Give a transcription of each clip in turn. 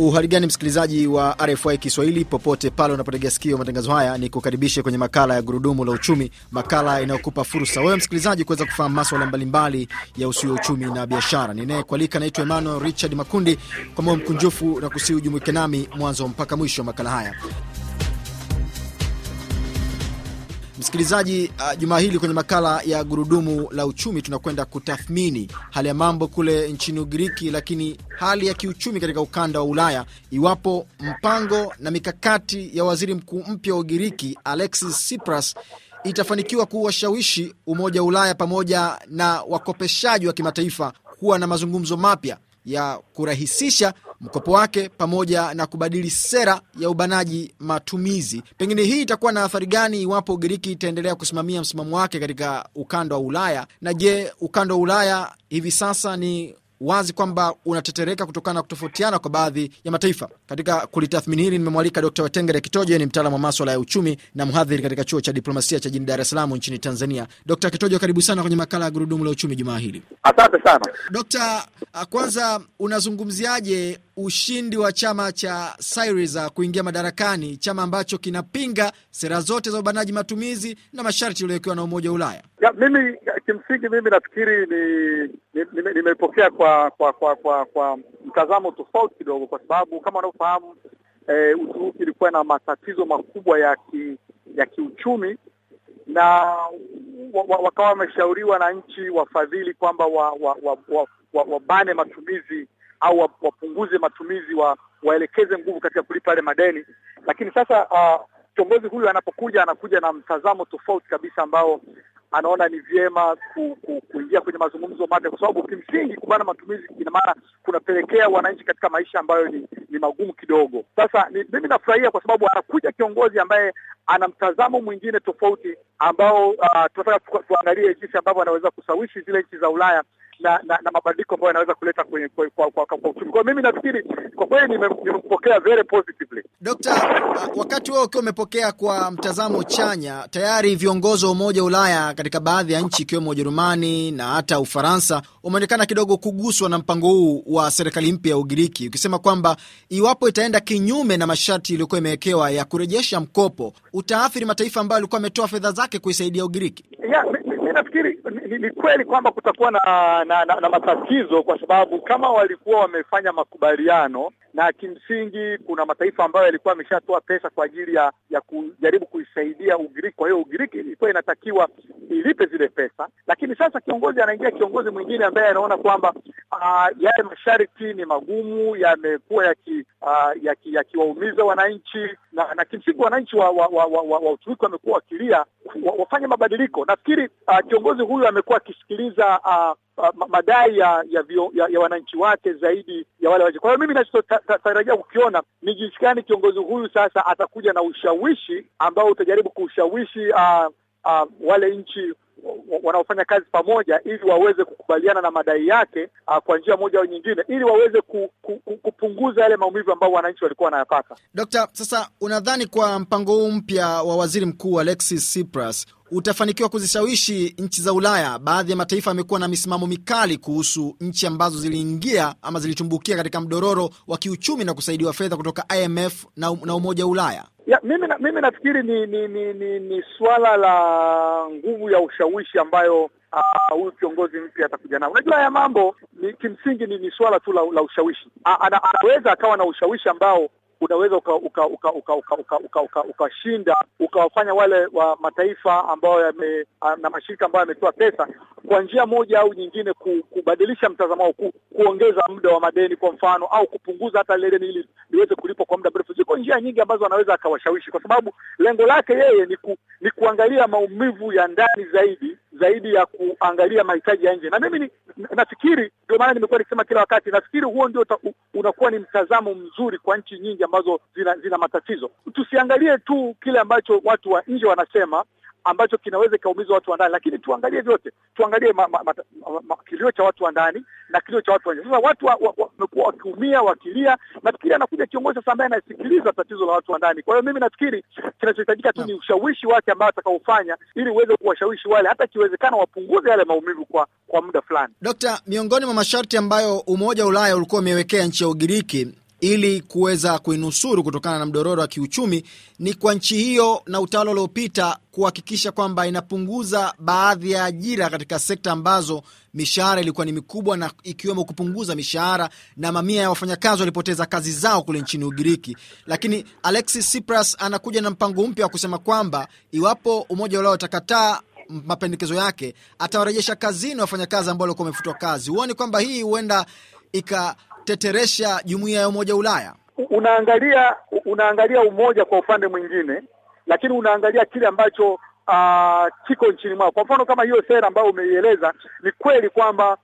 Uhali gani msikilizaji wa RFI Kiswahili popote pale unapotega sikio matangazo haya, ni kukaribisha kwenye makala ya gurudumu la uchumi, makala inayokupa fursa wewe msikilizaji kuweza kufahamu maswala mbalimbali ya usio uchumi na biashara. Ninayekualika naitwa Emmanuel Richard Makundi, kwa moyo mkunjufu na kusii ujumuike nami mwanzo mpaka mwisho wa makala haya. Msikilizaji, uh, juma hili kwenye makala ya gurudumu la uchumi tunakwenda kutathmini hali ya mambo kule nchini Ugiriki, lakini hali ya kiuchumi katika ukanda wa Ulaya, iwapo mpango na mikakati ya waziri mkuu mpya wa Ugiriki Alexis Tsipras itafanikiwa kuwashawishi Umoja wa Ulaya pamoja na wakopeshaji wa kimataifa kuwa na mazungumzo mapya ya kurahisisha mkopo wake pamoja na kubadili sera ya ubanaji matumizi. Pengine hii itakuwa na athari gani iwapo Ugiriki itaendelea kusimamia msimamo wake katika ukanda wa Ulaya? Na je, ukanda wa Ulaya hivi sasa ni wazi kwamba unatetereka kutokana na kutofautiana kwa baadhi ya mataifa. Katika kulitathmini hili, nimemwalika d Wetengere Kitojo, ni mtaalamu wa maswala ya uchumi na mhadhiri katika chuo cha diplomasia cha jijini Dar es Salaam nchini Tanzania. Dkt Kitojo, karibu sana kwenye makala ya Gurudumu la Uchumi jumaa hili. Asante sana d Kwanza, unazungumziaje ushindi wa chama cha Syriza kuingia madarakani, chama ambacho kinapinga sera zote za ubanaji matumizi na masharti yaliyowekewa na Umoja wa Ulaya. Ya, mimi kimsingi mimi nafikiri ni nimepokea ni, ni kwa kwa kwa kwa, kwa mtazamo tofauti kidogo, kwa sababu kama unavyofahamu eh, Uturuki ilikuwa na matatizo makubwa ya ki, ya kiuchumi na wakawa wameshauriwa na nchi wafadhili kwamba wabane wa, wa, wa, wa, wa matumizi au wapunguze matumizi, wa waelekeze nguvu katika kulipa yale madeni. Lakini sasa ah, kiongozi uh, huyu anapokuja anakuja na mtazamo tofauti kabisa ambao anaona ni vyema ku, ku, kuingia kwenye mazungumzo mapya, kwa sababu kimsingi kubana matumizi ina maana kunapelekea wananchi katika maisha ambayo ni, ni magumu kidogo. Sasa ni, mimi nafurahia kwa sababu anakuja kiongozi ambaye ana mtazamo mwingine tofauti ambao uh, tunataka tuangalie jinsi ambavyo anaweza kusawishi zile nchi za Ulaya na, na, na mabadiliko ambayo yanaweza kuleta kwenye kwa, kwa, kwa, kwa uchumi. Kwa mimi nafikiri kwa kweli nimepokea very positively. Dr. Uh, wakati wewe ukiwa umepokea kwa mtazamo chanya, tayari viongozi wa Umoja Ulaya katika baadhi ya nchi ikiwemo Ujerumani na hata Ufaransa umeonekana kidogo kuguswa na mpango huu wa serikali mpya ya Ugiriki, ukisema kwamba iwapo itaenda kinyume na masharti iliyokuwa imewekewa ya kurejesha mkopo utaathiri mataifa ambayo alikuwa ametoa fedha zake kuisaidia Ugiriki. Yeah, nafikiri ni, ni kweli kwamba kutakuwa na, na, na, na matatizo kwa sababu kama walikuwa wamefanya makubaliano na kimsingi kuna mataifa ambayo yalikuwa ameshatoa pesa kwa ajili ya ya kujaribu kuisaidia Ugiriki. Kwa hiyo Ugiriki ilikuwa inatakiwa ilipe zile pesa, lakini sasa kiongozi anaingia, kiongozi mwingine ambaye anaona kwamba Ah, yale masharti ni magumu, yamekuwa ah, yakiwaumiza yaki, yaki wananchi na, na kimsingi wananchi wa, wa, wa, wa, wa, wa Uturuki wamekuwa wakilia wa, wafanye mabadiliko. Nafikiri uh, kiongozi huyu amekuwa akisikiliza uh, madai ya ya, ya ya wananchi wake zaidi ya wale waje. Kwa hiyo mimi nachotarajia kukiona ni jinsi gani kiongozi huyu sasa atakuja na ushawishi ambao utajaribu kuushawishi uh, uh, wale nchi wanaofanya kazi pamoja ili waweze kukubaliana na madai yake ah, kwa njia moja au nyingine, ili waweze ku, ku, ku, kupunguza yale maumivu ambayo wananchi walikuwa wanayapata. Dokta, sasa unadhani kwa mpango huu mpya wa waziri mkuu Alexis Tsipras utafanikiwa kuzishawishi nchi za Ulaya? Baadhi ya mataifa yamekuwa na misimamo mikali kuhusu nchi ambazo ziliingia ama zilitumbukia katika mdororo wa kiuchumi na kusaidiwa fedha kutoka IMF na, na Umoja wa Ulaya ya, mimi na, mimi nafikiri ni ni, ni ni ni swala la nguvu ya ushawishi ambayo ah, huyu kiongozi mpya atakuja nao. Unajua haya mambo ni kimsingi ni, ni swala tu la, la ushawishi. Ana, anaweza akawa na ushawishi ambao unaweza ukashinda uka, uka, uka, uka, uka, uka, uka ukawafanya wale wa mataifa ambayo yame, ah, na mashirika ambayo yametoa pesa kwa njia moja au nyingine kubadilisha mtazamo wao, ku, kuongeza muda wa madeni kwa mfano, au kupunguza hata ile deni ili liweze kulipwa kwa muda mrefu. Ziko njia nyingi ambazo anaweza akawashawishi, kwa sababu lengo lake yeye ni, ku, ni kuangalia maumivu ya ndani zaidi zaidi ya kuangalia mahitaji ya nje, na mimi nafikiri ndio maana nimekuwa nikisema kila wakati, nafikiri huo ndio unakuwa ni mtazamo mzuri kwa nchi nyingi ambazo zina, zina matatizo. Tusiangalie tu kile ambacho watu wa nje wanasema ambacho kinaweza kaumiza watu wa ndani, lakini tuangalie vyote, tuangalie ma, ma, ma, ma, ma, kilio cha watu wa ndani na kilio cha watu wa nje. Sasa watu wamekuwa wakiumia wakilia, nafikiri anakuja kiongozi sasa ambaye anasikiliza tatizo la watu wa ndani. Kwa hiyo mimi nafikiri kinachohitajika tu ni ushawishi wake ambao atakaofanya ili uweze kuwashawishi wale, hata ikiwezekana wapunguze yale maumivu kwa kwa muda fulani. Dokta, miongoni mwa masharti ambayo Umoja wa Ulaya ulikuwa umewekea nchi ya Ugiriki ili kuweza kuinusuru kutokana na mdororo wa kiuchumi ni kwa nchi hiyo na utawala uliopita kuhakikisha kwamba inapunguza baadhi ya ajira katika sekta ambazo mishahara ilikuwa ni mikubwa, na ikiwemo kupunguza mishahara na mamia ya wafanyakazi walipoteza kazi zao kule nchini Ugiriki. Lakini Alexis Tsipras anakuja na mpango mpya wa kusema kwamba iwapo umoja ulao utakataa mapendekezo yake atawarejesha kazini wafanyakazi ambao walikuwa wamefutwa kazi. Huoni kwamba hii huenda ika kuwateteresha jumuiya ya Umoja Ulaya? Unaangalia, unaangalia umoja kwa upande mwingine, lakini unaangalia kile ambacho uh, kiko nchini mwao. Kwa mfano kama hiyo sera ambayo umeieleza, ni kweli kwamba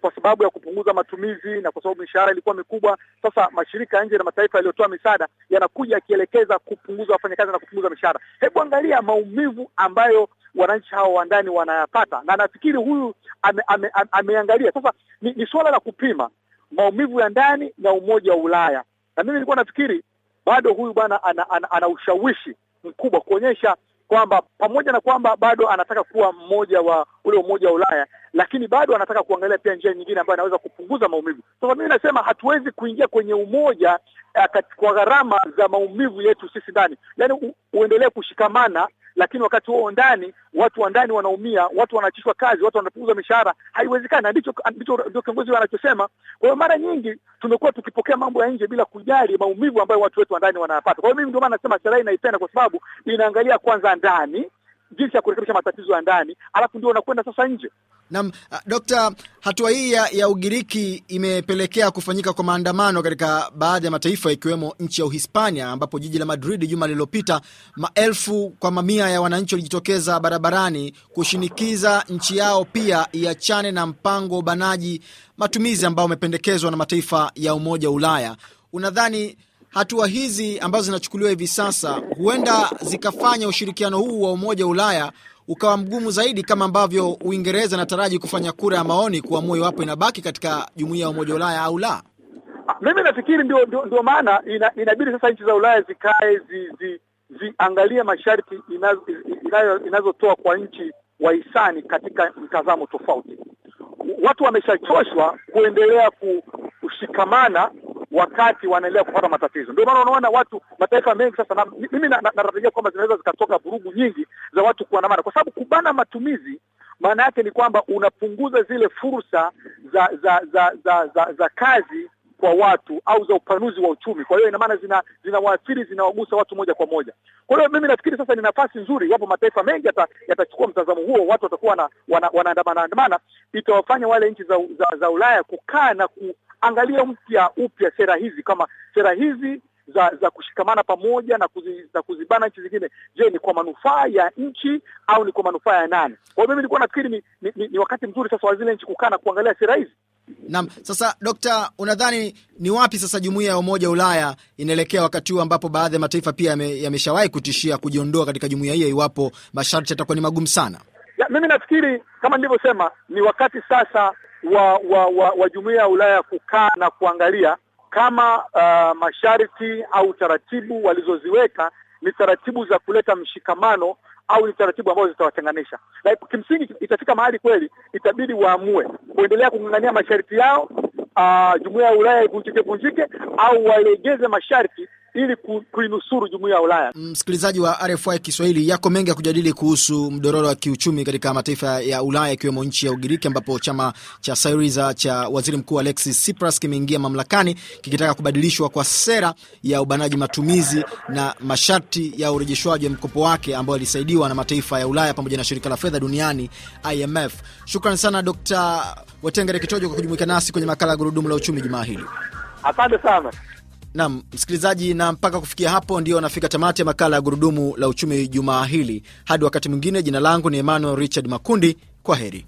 kwa sababu ya kupunguza matumizi na kwa sababu mishahara ilikuwa mikubwa, sasa mashirika ya nje na mataifa yaliyotoa misaada yanakuja yakielekeza kupunguza wafanyakazi na kupunguza mishahara. Hebu angalia maumivu ambayo wananchi hawa wa ndani wanayapata, na nafikiri huyu ame, ame, ame, ameangalia. Sasa ni, ni suala la kupima maumivu ya ndani na umoja wa Ulaya. Na mimi nilikuwa nafikiri bado huyu bwana ana, ana, ana ushawishi mkubwa kuonyesha kwamba pamoja na kwamba bado anataka kuwa mmoja wa ule umoja wa Ulaya, lakini bado anataka kuangalia pia njia nyingine ambayo anaweza kupunguza maumivu. Sasa mimi nasema hatuwezi kuingia kwenye umoja eh, kwa gharama za maumivu yetu sisi ndani, yaani uendelee kushikamana lakini wakati huo ndani, watu wa ndani wanaumia, watu wanaachishwa kazi, watu wanapunguzwa mishahara. Haiwezekani, ndicho ndio kiongozi anachosema. Kwa hiyo mara nyingi tumekuwa tukipokea mambo ya nje bila kujali maumivu ambayo watu wetu wa ndani wanayapata. Kwa hiyo mimi ndio maana nasema sera hii naipenda, kwa sababu inaangalia kwanza ndani jinsi ya kurekebisha matatizo ya ndani, alafu ndio unakwenda sasa nje. Naam, ah, Dokta, hatua hii ya, ya Ugiriki imepelekea kufanyika kwa maandamano katika baadhi ya mataifa ikiwemo nchi ya Uhispania, ambapo jiji la Madrid juma lililopita, maelfu kwa mamia ya wananchi walijitokeza barabarani kushinikiza nchi yao pia iachane na mpango wa ubanaji matumizi ambao umependekezwa na mataifa ya Umoja wa Ulaya. Unadhani hatua hizi ambazo zinachukuliwa hivi sasa huenda zikafanya ushirikiano huu wa Umoja wa Ulaya ukawa mgumu zaidi, kama ambavyo Uingereza nataraji kufanya kura ya maoni kuamua iwapo inabaki katika jumuiya ya Umoja wa Ulaya au la. Ah, mimi nafikiri ndio, ndio, maana ina, inabidi sasa nchi za Ulaya zikae zi, zi, ziangalie masharti inazotoa inazo, inazo kwa nchi wahisani katika mtazamo tofauti. Watu wameshachoshwa kuendelea kushikamana wakati wanaendelea kupata matatizo. Ndio maana unaona watu mataifa mengi sasa na, mimi natarajia na, kwamba zinaweza zikatoka vurugu nyingi za watu kuandamana, kwa sababu kubana matumizi maana yake ni kwamba unapunguza zile fursa za za za za, za, za kazi kwa watu au za upanuzi wa uchumi. Kwa hiyo ina maana zina zinawaathiri zinawagusa watu moja kwa moja. Kwa hiyo mimi nafikiri sasa ni nafasi nzuri, iwapo mataifa mengi yatachukua yata mtazamo huo, watu watakuwa wanaandamana wana, wana andamana, andamana, itawafanya wale nchi za, za, za Ulaya kukaa na ku, angalia mpya upya sera hizi, kama sera hizi za za kushikamana pamoja na kuzi, za kuzibana nchi zingine, je, ni kwa manufaa ya nchi au ni kwa manufaa ya nani? Kwa hiyo mimi nilikuwa nafikiri ni, ni, ni, ni wakati mzuri sasa wa zile nchi kukaa na kuangalia sera hizi. nam sasa Dokta, unadhani ni wapi sasa jumuiya ya Umoja wa Ulaya inaelekea wakati huu ambapo baadhi ya mataifa pia yameshawahi kutishia kujiondoa katika jumuiya hiyo iwapo masharti yatakuwa ni magumu sana? Ya, mimi nafikiri kama nilivyosema, ni wakati sasa wa wa, wa, wa jumuiya ya Ulaya kukaa na kuangalia kama uh, masharti au taratibu walizoziweka ni taratibu za kuleta mshikamano au ni taratibu ambazo zitawatenganisha. Like, kimsingi itafika mahali kweli itabidi waamue kuendelea kung'ang'ania masharti yao, uh, jumuiya ya Ulaya ivunjike vunjike, au walegeze masharti ili kuinusuru jumuiya ya Ulaya. Msikilizaji wa RFI Kiswahili, yako mengi ya kujadili kuhusu mdororo wa kiuchumi katika mataifa ya Ulaya ikiwemo nchi ya Ugiriki ambapo chama cha Syriza cha waziri mkuu Alexis Tsipras kimeingia mamlakani kikitaka kubadilishwa kwa sera ya ubanaji matumizi na masharti ya urejeshwaji wa mkopo wake ambayo alisaidiwa na mataifa ya Ulaya pamoja na shirika la fedha duniani IMF. Shukran sana Dr. Wetengere Kitojo kwa kujumuika nasi kwenye makala ya gurudumu la uchumi jumaa hili. Asante sana. Nam msikilizaji, na mpaka kufikia hapo ndio anafika tamati ya makala ya gurudumu la uchumi jumaa hili. Hadi wakati mwingine, jina langu ni Emmanuel Richard Makundi. Kwa heri.